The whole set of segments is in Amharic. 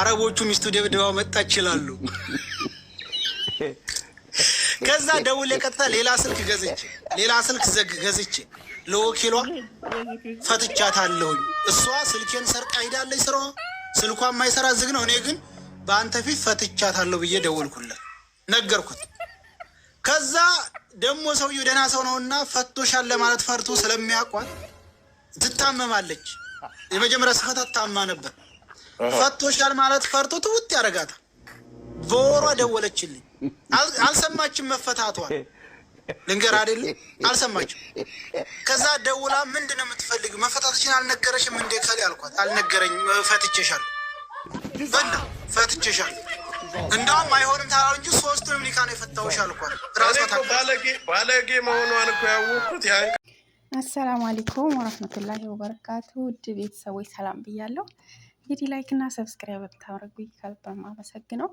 አረቦቹ ሚስቱ ደብድባ መጣ ይችላሉ። ከዛ ደውል ቀጥታ ሌላ ስልክ ገዝቼ ሌላ ስልክ ዘግ ገዝቼ ለወኪሏ ፈትቻታለሁኝ። እሷ ስልኬን ሰርቃ ሄዳለች። ስራ ስልኳ የማይሰራ ዝግ ነው። እኔ ግን በአንተ ፊት ፈትቻታለሁ ብዬ ደወልኩለት፣ ነገርኩት። ከዛ ደግሞ ሰውየው ደህና ሰው ነውና ፈቶሻል ለማለት ፈርቶ ስለሚያውቋት ትታመማለች። የመጀመሪያ ስፈታት ታማ ነበር። ፈቶሻል ማለት ፈርቶ ትውት ያደርጋታል። በወሯ ደወለችልኝ። አልሰማችም መፈታቷል ልንገር አይደል አልሰማችም። ከዛ ደውላ ምንድን ነው የምትፈልግ? መፈታትሽን አልነገረሽም እንዴ ከል ያልኳት፣ አልነገረኝም። ፈትቼሻል፣ በና ፈትቼሻል። እንደውም አይሆንም ታላል እንጂ ሶስቱ ሊካ ነው የፈታሁሽ አልኳት። ባለጌ መሆኗን እኮ ያወቅኩት ያ አሰላሙ አለይኩም ወረህመቱላሂ ወበረካቱ። ውድ ቤተሰቦች ሰላም ብያለሁ። እንግዲህ ላይክ እና ሰብስክራይብ ብታደርጉ ይካልባ ማመሰግነው።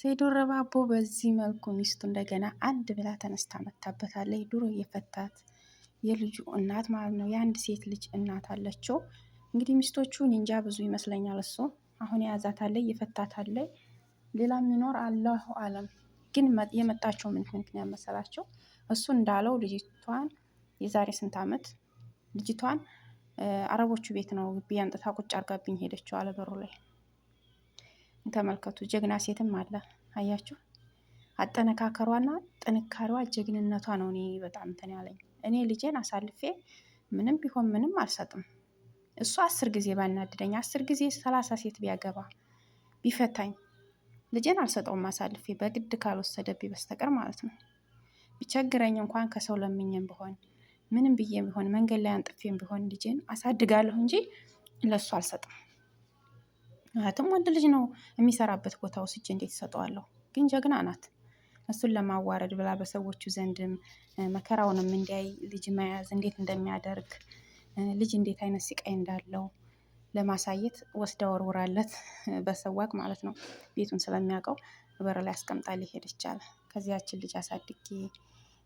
ሴዶ ረባቦ በዚህ መልኩ ሚስቱ እንደገና አንድ ብላ ተነስታ መታበታለች። ድሮ የፈታት የልጁ እናት ማለት ነው። የአንድ ሴት ልጅ እናት አለችው። እንግዲህ ሚስቶቹ ኒንጃ ብዙ ይመስለኛል። እሱ አሁን የያዛታለች፣ የፈታታለች። ሌላ የሚኖር አላሁ አለም። ግን የመጣቸው ምን ምክንያት መሰላቸው? እሱ እንዳለው ልጅቷን የዛሬ ስንት አመት ልጅቷን አረቦቹ ቤት ነው ግቢ አንጥታ ቁጭ አርጋብኝ ሄደችው አለ በሩ ላይ። ተመልከቱ፣ ጀግና ሴትም አለ አያችሁ። አጠነካከሯና ጥንካሬዋ ጀግንነቷ ነው እኔ በጣም እንትን ያለኝ። እኔ ልጄን አሳልፌ ምንም ቢሆን ምንም አልሰጥም። እሱ አስር ጊዜ ባናድደኝ፣ አስር ጊዜ ሰላሳ ሴት ቢያገባ ቢፈታኝ ልጄን አልሰጠውም አሳልፌ በግድ ካልወሰደብኝ በስተቀር ማለት ነው። ቢቸግረኝ እንኳን ከሰው ለምኝም ብሆን ምንም ብዬ ቢሆን መንገድ ላይ አንጥፌም ቢሆን ልጄን አሳድጋለሁ እንጂ ለሱ አልሰጥም። ምክንያቱም ወንድ ልጅ ነው የሚሰራበት ቦታ ወስጄ እንዴት እሰጠዋለሁ? ግን ጀግና ናት። እሱን ለማዋረድ ብላ በሰዎቹ ዘንድም መከራውንም እንዲያይ ልጅ መያዝ እንዴት እንደሚያደርግ ልጅ እንዴት አይነት ስቃይ እንዳለው ለማሳየት ወስዳ ወርውራለት በሰዋቅ ማለት ነው። ቤቱን ስለሚያውቀው በር ላይ አስቀምጣ ሊሄድ ይቻላል። ከዚያችን ልጅ አሳድጌ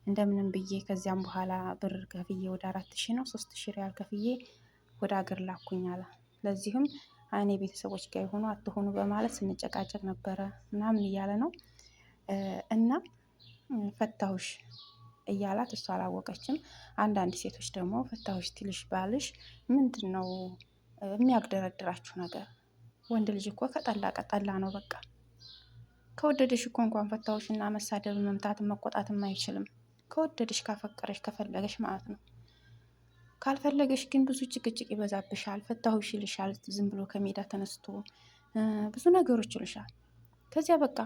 እንደምንም ብዬ ከዚያም በኋላ ብር ከፍዬ ወደ አራት ሺ ነው ሶስት ሺ ሪያል ከፍዬ ወደ አገር ላኩኝ አለ። ለዚህም እኔ ቤተሰቦች ጋር የሆኑ አትሆኑ በማለት ስንጨቃጨቅ ነበረ ምናምን እያለ ነው እና ፈታሁሽ እያላት እሷ አላወቀችም። አንዳንድ ሴቶች ደግሞ ፈታሁሽ ትልሽ ባልሽ ምንድን ነው የሚያግደረድራችሁ ነገር? ወንድ ልጅ እኮ ከጠላ ቀጠላ ነው በቃ። ከወደደሽ እኮ እንኳን ፈታዎች እና መሳደብ መምታትን መቆጣትም አይችልም። ከወደደሽ ካፈቀረሽ ከፈለገሽ ማለት ነው። ካልፈለገሽ ግን ብዙ ጭቅጭቅ ይበዛብሻል። ፈታሁሽ ይልሻል። ዝም ብሎ ከሜዳ ተነስቶ ብዙ ነገሮች ይልሻል። ከዚያ በቃ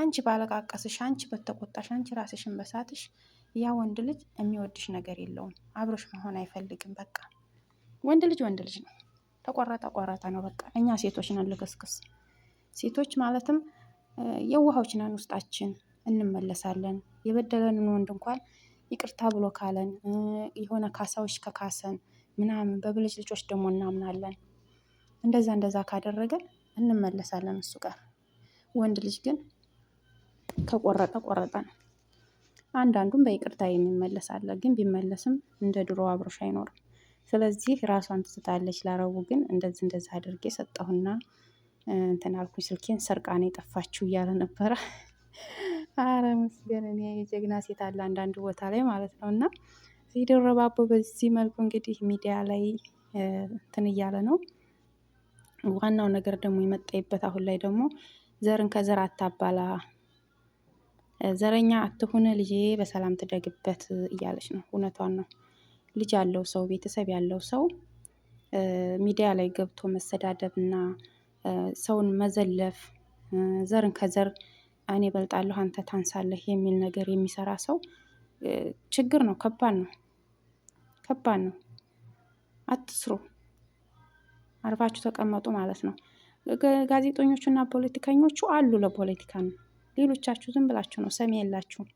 አንቺ ባለቃቀስሽ፣ አንቺ በተቆጣሽ፣ አንቺ ራስሽን በሳትሽ ያ ወንድ ልጅ የሚወድሽ ነገር የለውም። አብሮሽ መሆን አይፈልግም። በቃ ወንድ ልጅ ወንድ ልጅ ነው። ተቆረጠ ቆረጠ ነው በቃ። እኛ ሴቶች ነን ልክስክስ ሴቶች ማለትም የውሃዎች ነን ውስጣችን እንመለሳለን። የበደለንን ወንድ እንኳን ይቅርታ ብሎ ካለን የሆነ ካሳዎች ከካሰን ምናምን ልጆች ደግሞ እናምናለን። እንደዛ እንደዛ ካደረገን እንመለሳለን እሱ ጋር። ወንድ ልጅ ግን ከቆረጠ ቆረጠ ነው። አንዳንዱም በይቅርታ የሚመለስ አለ። ግን ቢመለስም እንደ ድሮ አብሮሽ አይኖርም። ስለዚህ ራሷን ትስታለች። ላረቡ ግን እንደዚህ እንደዚህ አድርጌ ሰጠሁና እንትን አልኩኝ ስልኬን ሰርቃን ነው የጠፋችው እያለ ነበረ። አረ ምስገን እኔ የጀግና ሴት አለ አንዳንድ ቦታ ላይ ማለት ነው። እና ደረባቦ በዚህ መልኩ እንግዲህ ሚዲያ ላይ እንትን እያለ ነው። ዋናው ነገር ደግሞ የመጣይበት አሁን ላይ ደግሞ ዘርን ከዘር አታባላ ዘረኛ አትሁን ልጄ በሰላም ትደግበት እያለች ነው። እውነቷን ነው። ልጅ ያለው ሰው ቤተሰብ ያለው ሰው ሚዲያ ላይ ገብቶ መሰዳደብ እና ሰውን መዘለፍ ዘርን ከዘር እኔ በልጣለሁ አንተ ታንሳለህ የሚል ነገር የሚሰራ ሰው ችግር ነው። ከባድ ነው። ከባድ ነው። አትስሩ፣ አርፋችሁ ተቀመጡ ማለት ነው። ጋዜጠኞቹና ፖለቲከኞቹ አሉ ለፖለቲካ ነው። ሌሎቻችሁ ዝም ብላችሁ ነው፣ ሰሚ የላችሁም።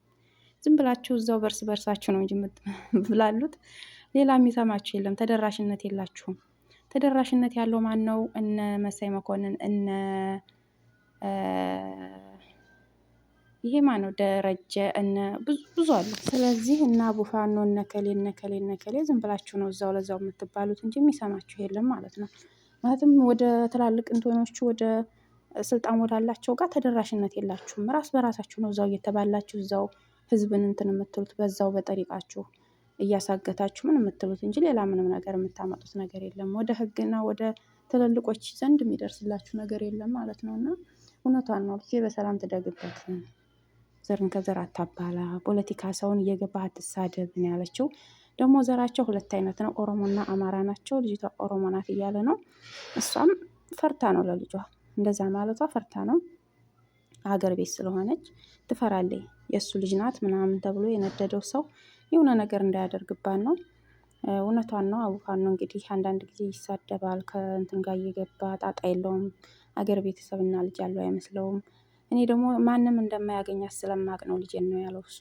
ዝም ብላችሁ እዛው በርስ በርሳችሁ ነው እንጂ ብላሉት ሌላ የሚሰማችሁ የለም። ተደራሽነት የላችሁም። ተደራሽነት ያለው ማን ነው? እነ መሳይ መኮንን እነ ይሄ ማነው ደረጀ እነ ብዙ አሉ። ስለዚህ እና ቡፋኖ ከሌ እነ ከሌ ዝም ብላችሁ ነው እዛው ለዛው የምትባሉት እንጂ የሚሰማችሁ የለም ማለት ነው። ማለትም ወደ ትላልቅ እንትኖቹ ወደ ስልጣን ወዳላቸው ጋር ተደራሽነት የላችሁም። ራስ በራሳችሁ ነው እዛው እየተባላችሁ እዛው ህዝብን እንትን የምትሉት በዛው በጠሪቃችሁ እያሳገታችሁ ምን የምትሉት እንጂ ሌላ ምንም ነገር የምታመጡት ነገር የለም። ወደ ህግና ወደ ትልልቆች ዘንድ የሚደርስላችሁ ነገር የለም ማለት ነው። እና እውነቷን ነው። ልጄ በሰላም ትደግበት። ዘርን ከዘር አታባላ፣ ፖለቲካ ሰውን እየገባህ አትሳደብ ነው ያለችው። ደግሞ ዘራቸው ሁለት አይነት ነው፣ ኦሮሞና አማራ ናቸው። ልጅቷ ኦሮሞ ናት እያለ ነው። እሷም ፈርታ ነው ለልጇ እንደዛ ማለቷ ፈርታ ነው። አገር ቤት ስለሆነች ትፈራለች። የእሱ ልጅ ናት ምናምን ተብሎ የነደደው ሰው የሆነ ነገር እንዳያደርግባት ነው። እውነቷን ነው። አቡካን ነው እንግዲህ አንዳንድ ጊዜ ይሳደባል። ከእንትን ጋር እየገባ ጣጣ የለውም። አገር ቤተሰብና ልጅ ያለው አይመስለውም። እኔ ደግሞ ማንም እንደማያገኛት ስለማቅ ነው ልጄን ነው ያለው እሱ።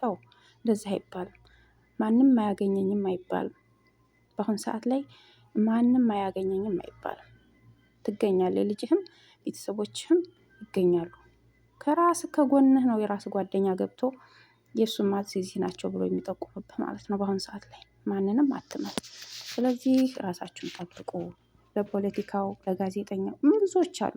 ተው እንደዚህ አይባልም። ማንም አያገኘኝም አይባልም። በአሁን ሰዓት ላይ ማንም አያገኘኝም አይባልም። ትገኛለ ልጅህም ቤተሰቦችህም ይገኛሉ። ከራስ ከጎንህ ነው የራስ ጓደኛ ገብቶ የእሱም እዚህ ናቸው ብሎ የሚጠቁምብህ ማለት ነው። በአሁን ሰዓት ላይ ማንንም አትመል ስለዚህ ራሳችሁን ጠብቁ። ለፖለቲካው፣ ለጋዜጠኛው ብዙዎች አሉ።